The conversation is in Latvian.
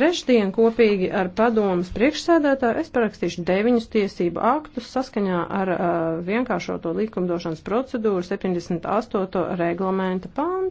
Trešdien kopīgi ar padomas priekšsēdētāju es parakstīšu deviņus tiesību aktus saskaņā ar uh, vienkāršoto likumdošanas procedūru 78. reglamenta pantu.